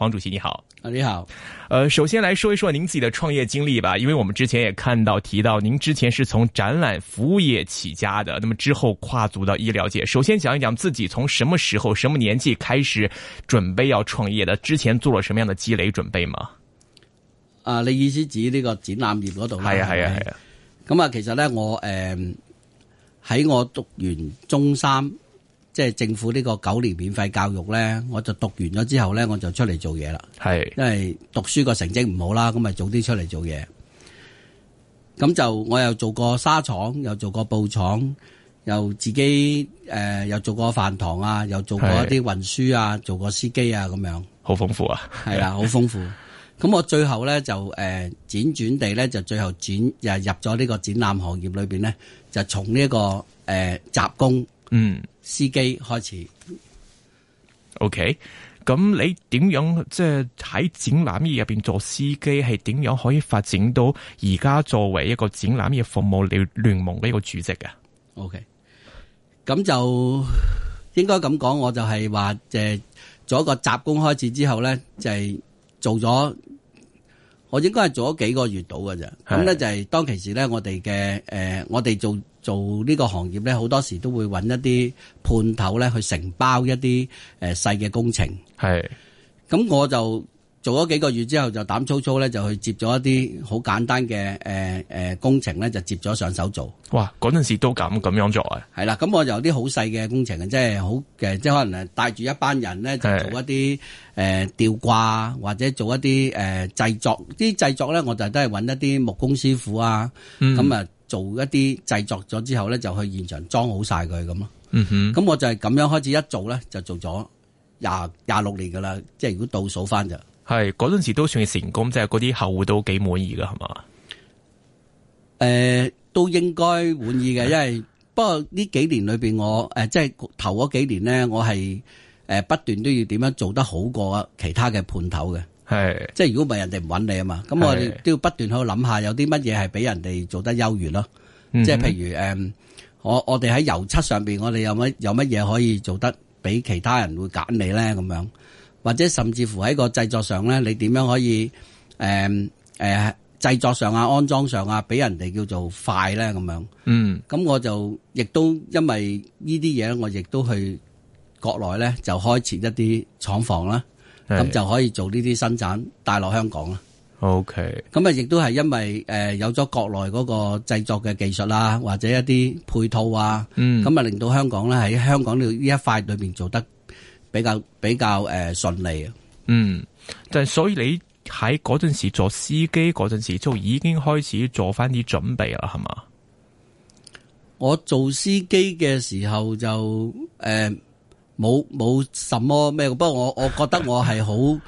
黃主席，你好，啊、你好。呃，首先來說一說您自己的創業經歷吧，因為我們之前也看到提到，您之前是從展覽服務業起家的，那麼之後跨足到醫療界。首先講一講自己從什麼時候、什麼年紀開始準備要創業的，之前做了什麼樣的積累準備嘛？啊，你意思指呢個展覽業嗰度啦？係啊，係啊，係啊。咁啊，其實呢，我誒，喺呃我讀完中三。即係政府呢個九年免費教育，咧，我就讀完咗之後咧，我就出嚟做嘢啦。係，因為讀書個成績唔好啦，咁咪早啲出嚟做嘢。咁就我又做過沙廠，又做過布廠，又自己誒、呃、又做過飯堂啊，又做過一啲運輸啊，做過司機啊，咁樣。好豐富啊！係啦，好豐富。咁 我最後咧就誒輾轉地咧就最後轉又入咗呢個展覽行業裏邊咧，就從呢個誒、呃、雜工。嗯，司機開始。OK，咁你點樣即係喺展覽業入邊做司機，係點樣可以發展到而家作為一個展覽業服務聯聯盟嘅一個主席嘅？OK，咁就應該咁講，我就係話，誒，做一個雜工開始之後咧，就係、是、做咗，我應該係做咗幾個月到㗎啫。咁咧就係當其時咧，我哋嘅誒，我哋做。做呢個行業咧，好多時都會揾一啲判頭咧去承包一啲、呃、細嘅工程。係。咁我就做咗幾個月之後，就膽粗粗咧就去接咗一啲好簡單嘅、呃呃、工程咧，就接咗上手做。哇！嗰陣時都咁咁樣做啊？係啦，咁我就有啲好細嘅工程，即係好、呃、即係可能誒帶住一班人咧，就做一啲誒、呃、吊掛或者做一啲、呃、製作。啲製作咧，我就都係揾一啲木工師傅啊。咁、嗯、啊～做一啲製作咗之後咧，就去現場裝好晒佢咁咯。咁、嗯、我就係咁樣開始一做咧，就做咗廿廿六年噶啦。即係如果倒數返就係嗰陣時都算係成功，即係嗰啲客戶都幾滿意噶，係嘛？誒、呃，都應該滿意嘅，因為 不過呢幾年裏邊，我誒即係頭嗰幾年咧，我係誒不斷都要點樣做得好過其他嘅判頭嘅。係，即係如果唔係人哋唔揾你啊嘛，咁我哋都要不斷去諗下，有啲乜嘢係俾人哋做得優越咯。即係譬如誒、嗯，我我哋喺油漆上邊，我哋有乜有乜嘢可以做得俾其他人會揀你咧咁樣，或者甚至乎喺個製作上咧，你點樣可以誒誒製作上啊、安裝上啊，俾人哋叫做快咧咁樣。嗯，咁我就亦都因為呢啲嘢，我亦都去國內咧就開設一啲廠房啦。咁就可以做呢啲生產帶落香港啦。O K，咁啊，亦都係因為誒有咗國內嗰個製作嘅技術啦，或者一啲配套啊，咁、嗯、啊，令到香港咧喺香港呢呢一塊裏面做得比較比較誒順利。嗯，就係、所以你喺嗰陣時做司機嗰陣時，就已經開始做翻啲準備啦，係嘛？我做司機嘅時候就誒。呃冇冇什麼咩，不過我我覺得我係好誒，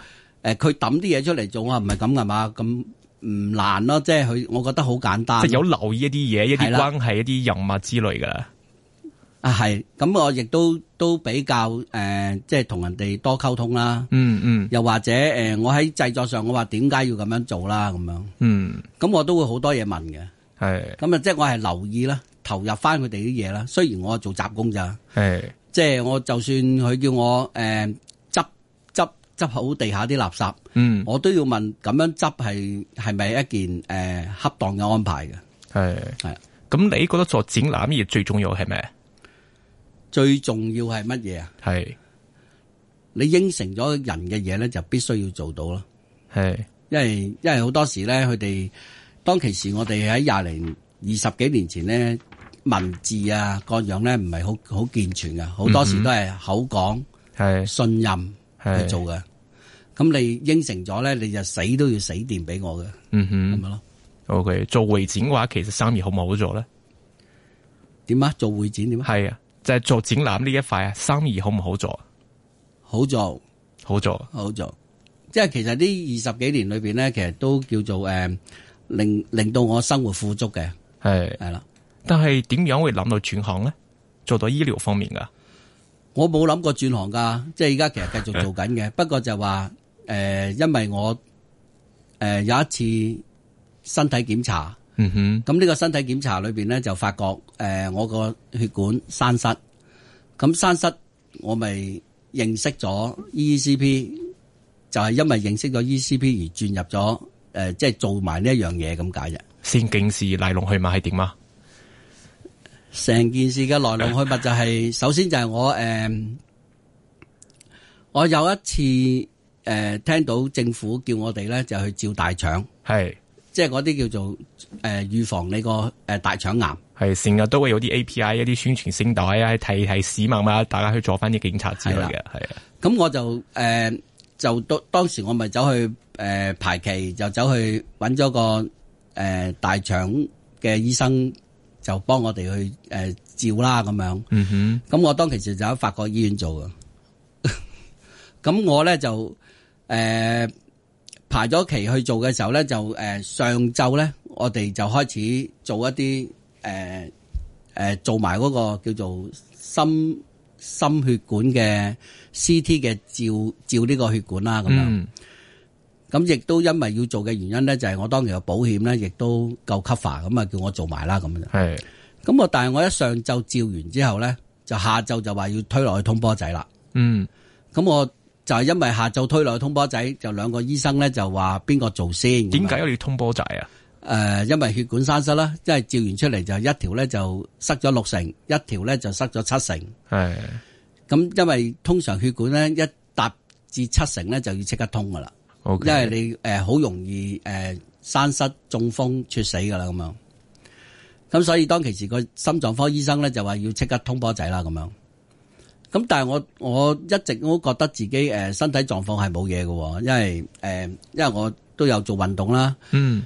佢抌啲嘢出嚟做，我唔係咁係嘛？咁唔難咯、啊，即係佢我覺得好簡單、啊。即係有留意一啲嘢，一啲關係，一啲人物之類噶啦。啊，係咁，我亦都都比較誒、呃，即係同人哋多溝通啦。嗯嗯。又或者誒、呃，我喺製作上，我話點解要咁樣做啦？咁樣。嗯。咁我都會好多嘢問嘅。係。咁啊，即係我係留意啦，投入翻佢哋啲嘢啦。雖然我係做雜工咋。係。即係我就算佢叫我誒執執執好地下啲垃圾，嗯，我都要問，咁樣執係係咪一件誒、呃、恰當嘅安排嘅？係係，咁你覺得做展覽業最重要係咩？最重要係乜嘢啊？係你應承咗人嘅嘢咧，就必須要做到咯。係，因為因為好多時咧，佢哋當其時我哋喺廿零二十幾年前咧。文字啊，各樣咧唔係好好健全噶好多時都係口講、嗯、信任去做嘅。咁你應承咗咧，你就死都要死掂俾我嘅。嗯哼，咁咪咯。O、okay, K，做會展嘅話，其實生意好唔好做咧？點啊？做會展點啊？係啊，就係、是、做展覽呢一塊啊。生意好唔好做？好做，好做，好做，好做。即係其實呢二十幾年裏邊咧，其實都叫做誒、呃，令令，令到我生活富足嘅。係係啦。但係點樣會諗到轉行咧？做到醫療方面噶？我冇諗過轉行噶，即係而家其實繼續做緊嘅。 不過就話誒、呃，因為我誒、呃、有一次身體檢查，嗯哼，咁呢個身體檢查裏邊咧就發覺誒、呃、我個血管山塞，咁山塞我咪認識咗 E C P，就係因為認識咗 E C P 而轉入咗誒、呃，即係做埋呢一樣嘢咁解啫。先警事嚟龍去脈係點啊？成件事嘅來龍去脈就係、是， 首先就係我誒、呃，我有一次誒、呃、聽到政府叫我哋咧就去照大腸，係，即係嗰啲叫做誒預、呃、防你個誒、呃、大腸癌，係成日都會有啲 A P I 一啲宣傳聲帶啊，在提提市民啊，大家去做翻啲警察之類嘅，係啊。咁我就誒、呃、就當當時我咪走去誒、呃、排期，就走去揾咗個誒、呃、大腸嘅醫生。就幫我哋去誒、呃、照啦，咁樣。咁、嗯、我當其時就喺法國醫院做嘅。咁 我咧就誒、呃、排咗期去做嘅時候咧，就誒、呃、上晝咧，我哋就開始做一啲誒誒做埋嗰個叫做心心血管嘅 CT 嘅照照呢個血管啦，咁樣。嗯咁亦都因為要做嘅原因呢，就係、是、我當時個保險呢，亦都夠 cover，咁啊叫我做埋啦咁樣。係，咁啊，但係我一上晝照完之後呢，就下晝就話要推落去通波仔啦。嗯，咁我就係因為下晝推落去通波仔，就兩個醫生呢就話邊個做先？點解我要通波仔啊？誒、呃，因為血管生塞啦，即係照完出嚟就一條呢就塞咗六成，一條呢就塞咗七成。係，咁因為通常血管呢，一達至七成呢，就要即刻通噶啦。Okay. 因為你誒好、呃、容易誒山、呃、失中風猝死噶啦咁樣，咁所以當其時個心臟科醫生咧就話要即刻通波仔啦咁樣，咁但係我我一直我都覺得自己誒、呃、身體狀況係冇嘢嘅，因為誒、呃、因為我都有做運動啦，嗯，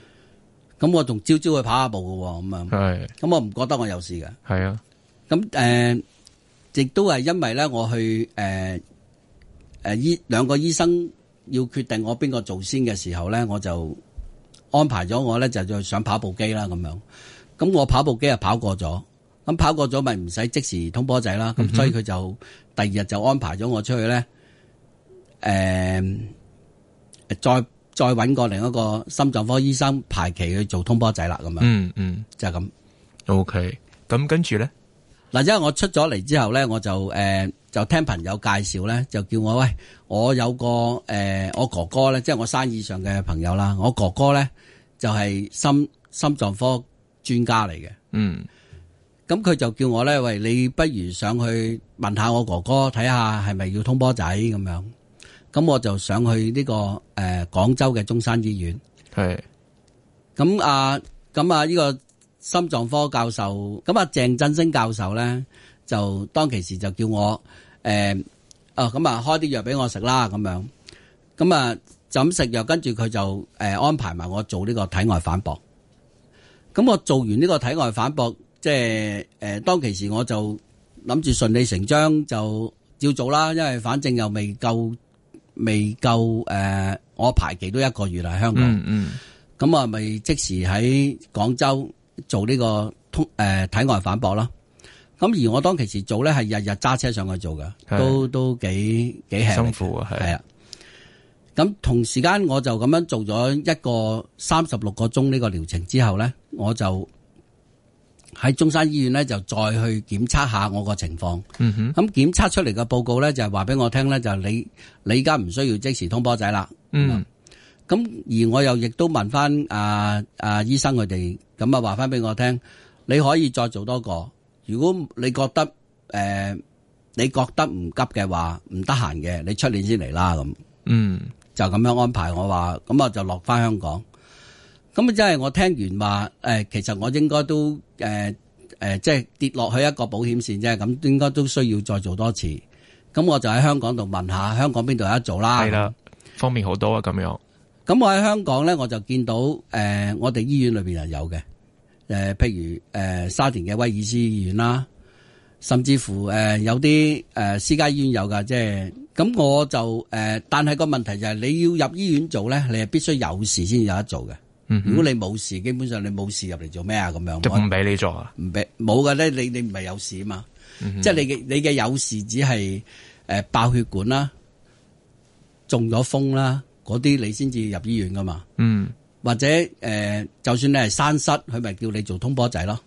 咁我仲朝朝去跑下步嘅，咁啊，係，咁我唔覺得我有事嘅，係啊，咁誒、呃、亦都係因為咧我去誒誒、呃呃、醫兩個醫生。要決定我邊個做先嘅時候咧，我就安排咗我咧就去上跑步機啦咁樣。咁我跑步機啊跑過咗，咁跑過咗咪唔使即時通波仔啦。咁、嗯、所以佢就第二日就安排咗我出去咧。誒、呃，再再搵個另一個心臟科醫生排期去做通波仔啦。咁樣，嗯嗯，就係、是、咁。OK。咁跟住咧，嗱，因為我出咗嚟之後咧，我就誒。呃就聽朋友介紹咧，就叫我喂，我有個誒、呃，我哥哥咧，即係我生意上嘅朋友啦。我哥哥咧就係、是、心心臟科專家嚟嘅。嗯，咁佢就叫我咧喂，你不如上去問下我哥哥睇下係咪要通波仔咁樣。咁我就上去呢、這個誒廣、呃、州嘅中山醫院。係。咁啊，咁啊呢個心臟科教授，咁啊鄭振聲教授咧就當其時就叫我。誒，啊咁啊，哦、開啲藥俾我食啦，咁樣，咁啊，就食藥，跟住佢就誒安排埋我做呢個體外反搏。咁我做完呢個體外反搏，即係誒當其時我就諗住順理成章就照做啦，因為反正又未夠未夠誒、呃，我排期都一個月啦，香港。咁啊、嗯、咪、嗯，即時喺廣州做呢、這個通誒、呃、體外反搏啦。咁而我當其時做咧，係日日揸車上去做㗎，都都幾幾辛苦啊，係啊。咁同時間我就咁樣做咗一個三十六個鐘呢個療程之後咧，我就喺中山醫院咧就再去檢測下我個情況。嗯哼，咁檢測出嚟嘅報告咧就係話俾我聽咧，就你你而家唔需要即時通波仔啦。嗯，咁而我又亦都問翻啊啊醫生佢哋，咁啊話翻俾我聽，你可以再做多個。如果你覺得誒、呃，你覺得唔急嘅話，唔得閒嘅，你出年先嚟啦咁。嗯，就咁樣安排我話，咁啊就落翻香港。咁啊即係我聽完話、呃，其實我應該都誒、呃呃、即係跌落去一個保險線啫。咁應該都需要再做多次。咁我就喺香港度問下，香港邊度有得做啦？係啦，方便好多啊！咁樣。咁我喺香港咧，我就見到誒、呃，我哋醫院裏面啊有嘅。誒、呃，譬如誒、呃、沙田嘅威爾斯醫院啦，甚至乎誒、呃、有啲誒、呃、私家醫院有噶，即係咁我就誒、呃，但係個問題就係、是、你要入醫院做咧，你係必須有事先至有得做嘅、嗯。如果你冇事，基本上你冇事入嚟做咩啊？咁樣就唔俾你做啊？唔俾冇嘅咧，你你唔係有事嘛？嗯、即係你嘅你嘅有事只係誒、呃、爆血管啦，中咗風啦，嗰啲你先至入醫院噶嘛嗯。或者誒、呃，就算你係山室，佢咪叫你做通波仔咯？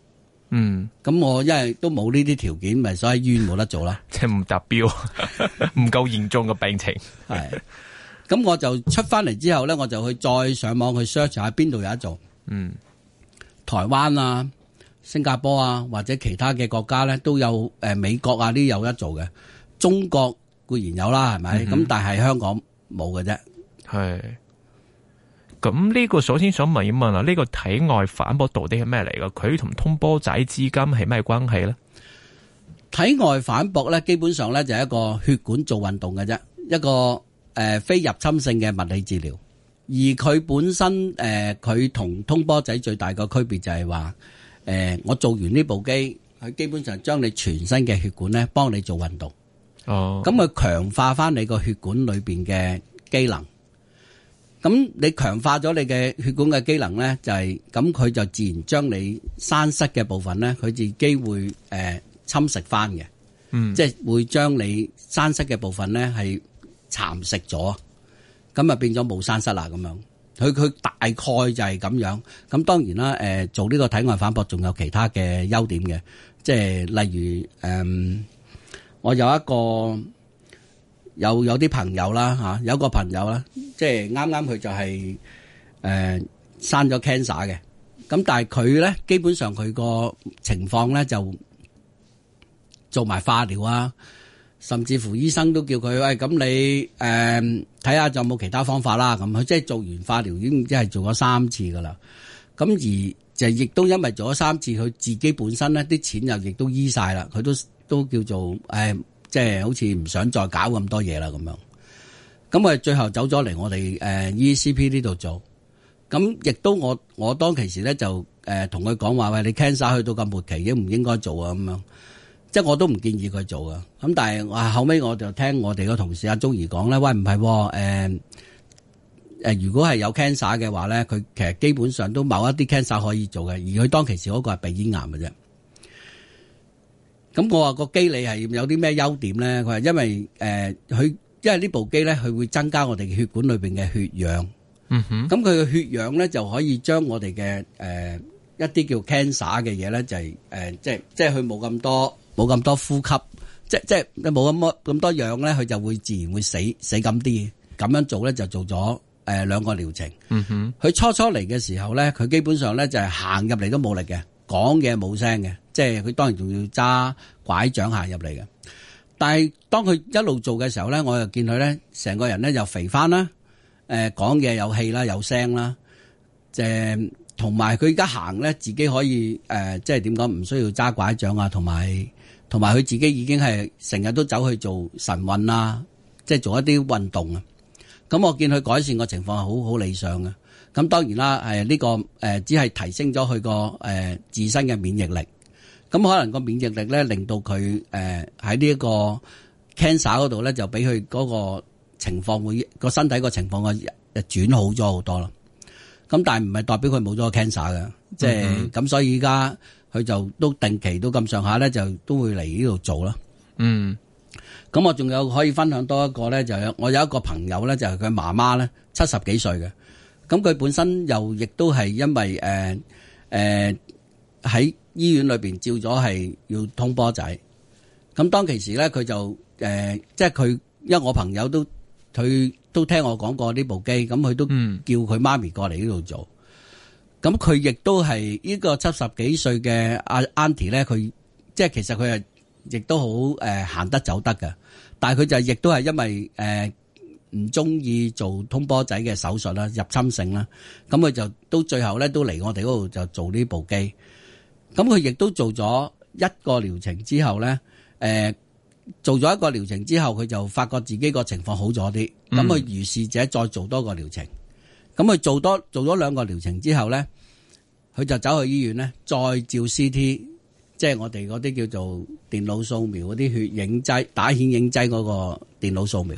嗯，咁我因為都冇呢啲條件，咪所以醫院冇得做啦。即係唔達標，唔夠嚴重嘅病情。係，咁我就出翻嚟之後咧，我就去再上網去 search 下邊度有得做。嗯，台灣啊、新加坡啊，或者其他嘅國家咧，都有誒、呃、美國啊啲有得做嘅。中國固然有啦，係咪？咁、嗯嗯、但係香港冇嘅啫。係。咁呢個首先想問一問啦，呢個體外反搏到底係咩嚟噶？佢同通波仔之間係咩關係呢？體外反搏呢，基本上呢就係一個血管做運動嘅啫，一個誒非入侵性嘅物理治療。而佢本身誒，佢、呃、同通波仔最大嘅區別就係話，誒、呃、我做完呢部機，佢基本上將你全身嘅血管呢幫你做運動。哦，咁佢強化翻你個血管裏邊嘅機能。咁你強化咗你嘅血管嘅機能咧，就係咁佢就自然將你栓塞嘅部分咧，佢自己會誒侵蝕翻嘅，嗯，即係會將你栓塞嘅部分咧係蠶食咗，咁啊變咗冇栓塞啦咁樣，佢佢大概就係咁樣。咁當然啦，誒做呢個體外反搏仲有其他嘅優點嘅，即係例如誒我有一個。有有啲朋友啦，吓，有個朋友啦，即係啱啱佢就係誒生咗 cancer 嘅，咁但係佢咧基本上佢個情況咧就做埋化療啊，甚至乎醫生都叫佢喂，咁你誒睇下，就冇其他方法啦，咁佢即係做完化療已經即係做咗三次噶啦，咁而就亦都因為做咗三次，佢自己本身呢啲錢又亦都醫晒啦，佢都都叫做誒即係好似唔想再搞咁多嘢啦咁樣，咁啊最後走咗嚟我哋、呃、ECP 呢度做，咁亦都我我當其時咧就、呃、同佢講話喂，你 cancer 去到咁末期已經唔應該做啊咁樣，即係我都唔建議佢做啊。咁但係啊、呃、後尾，我就聽我哋個同事阿鐘怡講咧，喂唔係喎。呃呃呃，如果係有 cancer 嘅話咧，佢其實基本上都某一啲 cancer 可以做嘅，而佢當其時嗰個係鼻咽癌嘅啫。咁我話個機理係有啲咩優點咧？佢話因為誒佢、呃，因為呢部機咧，佢會增加我哋血管裏面嘅血氧。嗯哼，咁佢嘅血氧咧就可以將我哋嘅誒一啲叫 cancer 嘅嘢咧，就係、是呃、即係即係佢冇咁多冇咁多呼吸，即係即係冇咁多咁多氧咧，佢就會自然會死死咁啲。咁樣做咧就做咗、呃、兩個療程。嗯哼，佢初初嚟嘅時候咧，佢基本上咧就係行入嚟都冇力嘅，講嘢冇聲嘅。即係佢，當然仲要揸拐杖行入嚟嘅。但係當佢一路做嘅時候咧，我又見佢咧成個人咧又肥翻啦。誒，講嘢有氣啦，有聲啦，即係同埋佢而家行咧自己可以誒、呃，即係點講唔需要揸拐杖啊。同埋同埋佢自己已經係成日都走去做晨運啦，即係做一啲運動啊。咁我見佢改善個情況係好好理想嘅。咁當然啦，誒呢個誒只係提升咗佢個誒自身嘅免疫力。咁可能個免疫力咧，令到佢誒喺呢一個 cancer 嗰度咧，就俾佢嗰個情況會個身體個情況嘅嘅轉好咗好多啦。咁但係唔係代表佢冇咗 cancer 嘅，即係咁所以而家佢就都定期都咁上下咧，就都會嚟呢度做啦。嗯，咁我仲有可以分享多一個咧，就有、係、我有一個朋友咧，就係佢媽媽咧，七十幾歲嘅。咁佢本身又亦都係因為誒喺，呃呃醫院裏邊照咗，係要通波仔，咁當其時咧，佢就誒，即係佢，因為我朋友都，佢都聽我講過呢部機，咁佢都叫佢媽咪過嚟呢度做。咁佢亦都係呢個七十幾歲嘅阿 aunty 咧，佢即係其實佢係亦都好誒行得走得㗎。但係佢就亦都係因為誒唔中意做通波仔嘅手術啦，入侵性啦，咁佢就都最後咧，都嚟我哋嗰度就做呢部機。咁佢亦都做咗一個療程之後咧，誒、呃，做咗一個療程之後，佢就發覺自己個情況好咗啲。咁、嗯、佢如是者再做多個療程。咁佢做多做咗兩個療程之後咧，佢就走去醫院咧，再照 CT，即係我哋嗰啲叫做電腦掃描嗰啲血影劑打顯影劑嗰個電腦掃描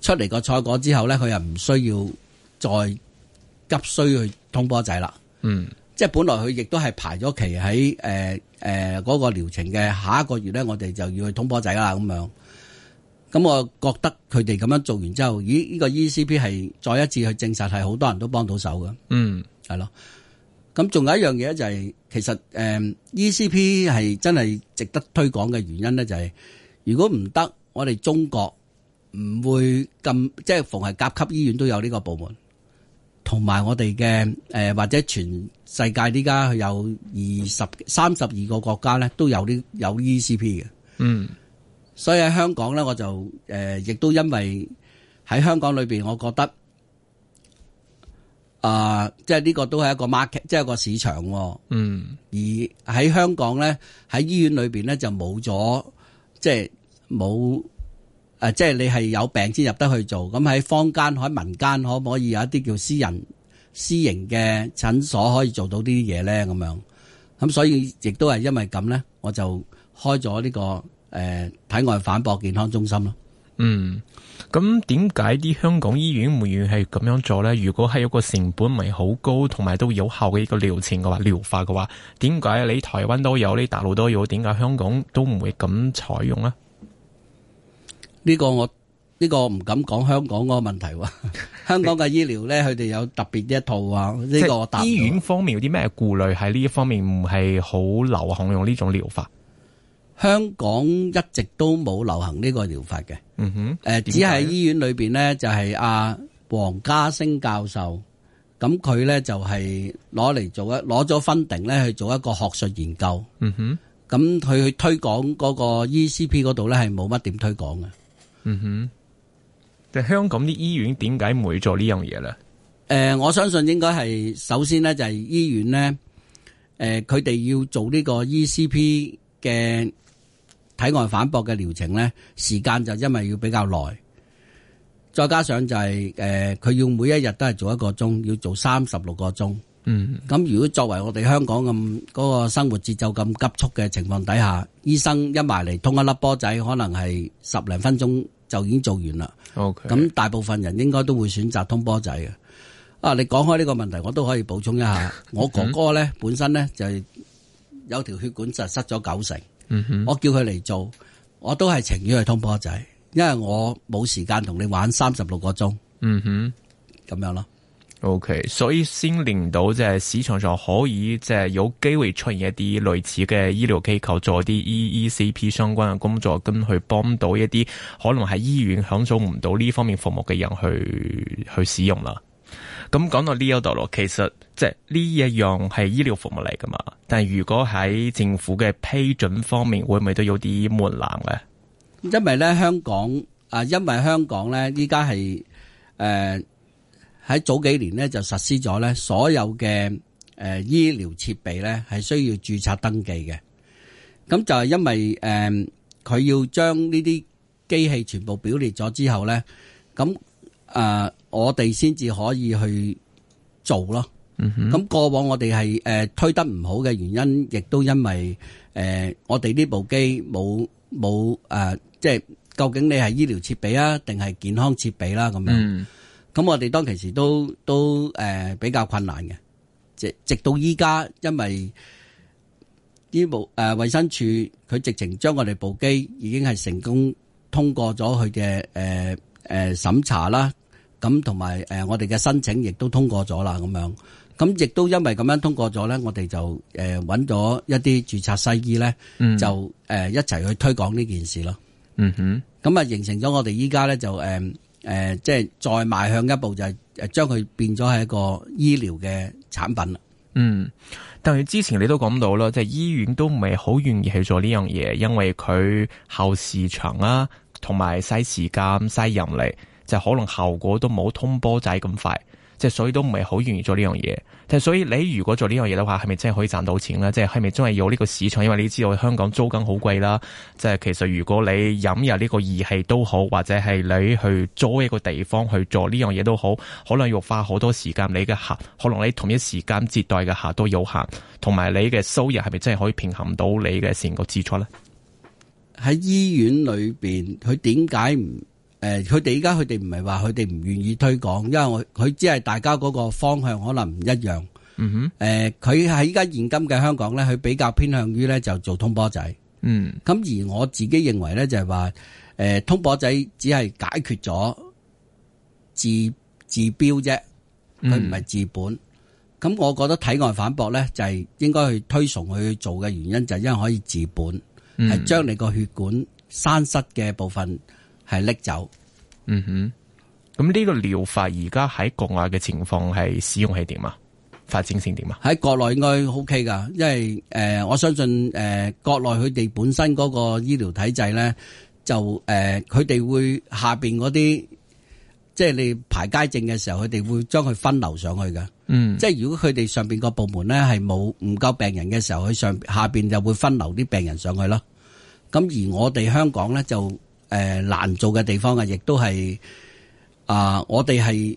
出嚟個賽果之後咧，佢又唔需要再急需去通波仔啦。嗯。即係本來佢亦都係排咗期喺誒誒嗰個療程嘅下一個月咧，我哋就要去通波仔啦咁樣。咁我覺得佢哋咁樣做完之後，咦呢、呢個 ECP 係再一次去證實係好多人都幫到手㗎。嗯，係咯。咁仲有一樣嘢呢，就係其實誒、呃、ECP 係真係值得推廣嘅原因呢、就係，就係如果唔得，我哋中國唔會咁，即係逢係甲級醫院都有呢個部門。同埋我哋嘅誒，或者全世界呢家有二十三十二個國家咧，都有啲有 ECP 嘅。嗯，所以喺香港咧，我就誒亦、呃、都因為喺香港裏面，我覺得啊、呃，即係呢個都係一個 market，即係一個市場，啊。嗯。而喺香港咧，喺醫院裏面咧就冇咗，即係冇。即係你係有病先入得去做，咁喺坊間喺民間可唔可以有一啲叫私人私營嘅診所可以做到啲嘢呢？咁樣，咁所以亦都係因為咁呢，我就開咗呢、這個誒、呃、體外反搏健康中心咯。嗯，咁點解啲香港醫院唔願意係咁樣做呢？如果係一個成本唔係好高，同埋都有效嘅一個療程嘅話，療法嘅話，點解你台灣都有，你大陸都有，點解香港都唔會咁採用呢？呢、這個我呢、這個唔敢講香港嗰個問題喎。 香港嘅醫療咧，佢哋有特別一套啊。呢、這個大醫院方面有啲咩顧慮喺呢一方面唔係好流行用呢種療法？香港一直都冇流行呢個療法嘅。嗯哼。誒、呃，只係醫院裏邊呢，就係阿黃家星教授。咁佢咧就係攞嚟做一攞咗 funding 咧去做一個學術研究。嗯哼。咁佢去推廣嗰個 ECP 嗰度咧，係冇乜點推廣嘅。嗯哼，但、就是、香港啲醫院點解唔會做呢樣嘢咧？誒、呃，我相信應該係首先呢，就係、是、醫院呢，誒、呃，佢哋要做呢個 ECP 嘅體外反搏嘅療程呢，時間就因為要比較耐，再加上就係、是、誒，佢、呃、要每一日都係做一個鐘，要做三十六個鐘。嗯，咁如果作為我哋香港咁嗰、那個生活節奏咁急促嘅情況底下，醫生一埋嚟通一粒波仔，可能係十零分鐘。就已經做完啦。咁、okay。大部分人應該都會選擇通波仔嘅。啊，你講開呢個問題，我都可以補充一下。我哥哥咧 本身咧就係、係、有條血管就塞咗九成。嗯哼。我叫佢嚟做，我都係情願去通波仔，因為我冇時間同你玩三十六個鐘。嗯哼，咁樣咯。OK，所以先令到即係市場上可以即係有機會出現一啲類似嘅醫療機構做啲 E E C P 相關嘅工作，咁去幫到一啲可能喺醫院享受唔到呢方面服務嘅人去去使用啦。咁講到呢一度咯，其實即係呢一樣係醫療服務嚟噶嘛。但如果喺政府嘅批准方面，會唔會都有啲門檻咧？因為咧香港啊，因為香港咧依家係誒。現在是呃喺早幾年咧就實施咗咧，所有嘅誒醫療設備咧係需要註冊登記嘅。咁就係因為誒，佢要將呢啲機器全部表列咗之後咧，咁誒我哋先至可以去做咯。咁過往我哋係誒推得唔好嘅原因，亦都因為誒我哋呢部機冇冇誒，即係究竟你係醫療設備啊，定係健康設備啦咁樣。咁我哋當其時都都誒、呃、比較困難嘅，直直到依家，因為呢部誒、呃、衛生署佢直情將我哋部機已經係成功通過咗佢嘅誒誒審查啦，咁同埋誒我哋嘅申請亦都通過咗啦，咁樣，咁、嗯、亦都因為咁樣通過咗咧，我哋就誒揾咗一啲註冊西醫咧，就誒、呃、一齊去推廣呢件事咯。嗯哼，咁啊形成咗我哋依家咧就誒。呃誒、呃，即係再邁向一步，就係將佢變咗係一個醫療嘅產品啦。嗯，但係之前你都講到啦，即係醫院都唔係好願意去做呢樣嘢，因為佢後市場啦、啊，同埋嘥時間嘥人力，就可能效果都冇通波仔咁快。即係所以都唔係好願意做呢樣嘢，即係所以你如果做呢樣嘢嘅話，係咪真係可以賺到錢咧？即係係咪真係有呢個市場？因為你知道香港租金好貴啦，即係其實如果你飲入呢個儀器都好，或者係你去租一個地方去做呢樣嘢都好，可能要花好多時間。你嘅客可能你同一時間接待嘅客都有限，同埋你嘅收入係咪真係可以平衡到你嘅成個支出咧？喺醫院裏邊，佢點解唔？誒、呃，佢哋依家佢哋唔係話佢哋唔願意推廣，因為我佢只係大家嗰個方向可能唔一樣。嗯哼，誒、呃，佢喺依家現今嘅香港咧，佢比較偏向於咧就做通波仔。嗯，咁而我自己認為咧就係話，誒、呃，通波仔只係解決咗治治標啫，佢唔係治本。咁、嗯、我覺得體外反搏咧就係應該去推崇去做嘅原因就係因為可以治本，係、嗯、將你個血管栓塞嘅部分。係拎走，嗯哼，咁呢個療法而家喺國外嘅情況係使用係點啊？發展成點啊？喺國內應該 OK 噶因為誒、呃，我相信誒、呃，國內佢哋本身嗰個醫療體制咧，就誒，佢、呃、哋會下邊嗰啲，即、就、係、是、你排街症嘅時候，佢哋會將佢分流上去嘅，嗯，即係如果佢哋上邊個部門咧係冇唔夠病人嘅時候，佢上下邊就會分流啲病人上去咯。咁而我哋香港咧就。誒，難做嘅地方啊，亦都係啊，我哋係，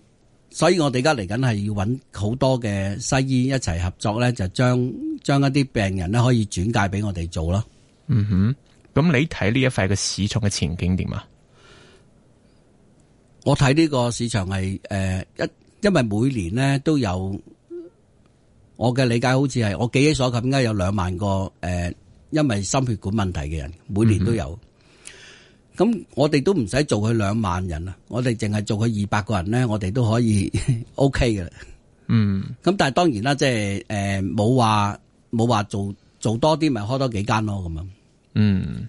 所以我哋而家嚟緊係要搵好多嘅西醫一齊合作咧，就將將一啲病人咧可以轉介俾我哋做咯。嗯哼，咁你睇呢一塊嘅市場嘅前景點啊？我睇呢個市場係誒、呃、一，因為每年呢都有，我嘅理解好似係我記憶所及，應該有兩萬個誒、呃，因為心血管問題嘅人，每年都有。嗯咁我哋都唔使做佢兩萬人啦，我哋淨係做佢二百個人咧，我哋都可以 O K 嘅。嗯，咁但係當然啦，即係誒冇話冇話做做多啲，咪開多幾間咯。咁樣，嗯，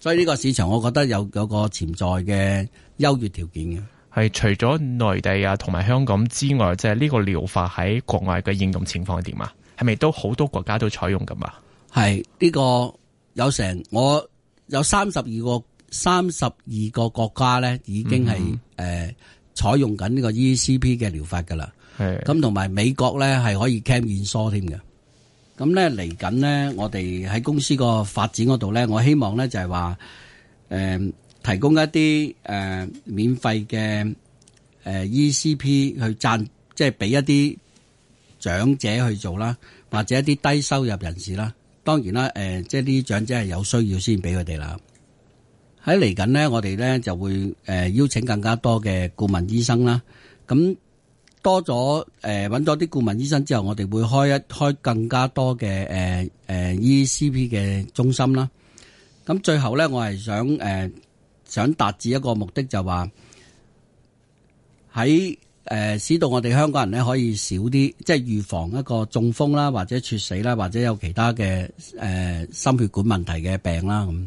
所以呢個市場我覺得有有個潛在嘅優越條件嘅係。除咗內地啊，同埋香港之外，即係呢個療法喺國外嘅應用情況點啊？係咪都好多國家都採用㗎嘛？係呢、這個有成我有三十二個。三十二個國家咧，已經係誒採用緊呢個 ECP 嘅療法噶啦，咁同埋美國咧係可以 camian 縮添嘅。咁咧嚟緊呢，我哋喺公司個發展嗰度咧，我希望咧就係話誒提供一啲誒、呃、免費嘅誒 ECP 去讚即係俾一啲長者去做啦，或者一啲低收入人士啦。當然啦，誒、呃、即係啲長者係有需要先俾佢哋啦。喺嚟緊呢，我哋咧就會誒邀請更加多嘅顧問醫生啦。咁多咗誒揾咗啲顧問醫生之後，我哋會開一開更加多嘅誒誒 ECP 嘅中心啦。咁最後咧，我係想誒想達至一個目的就，就話喺誒使到我哋香港人咧可以少啲，即係預防一個中風啦，或者猝死啦，或者有其他嘅誒、呃、心血管問題嘅病啦咁。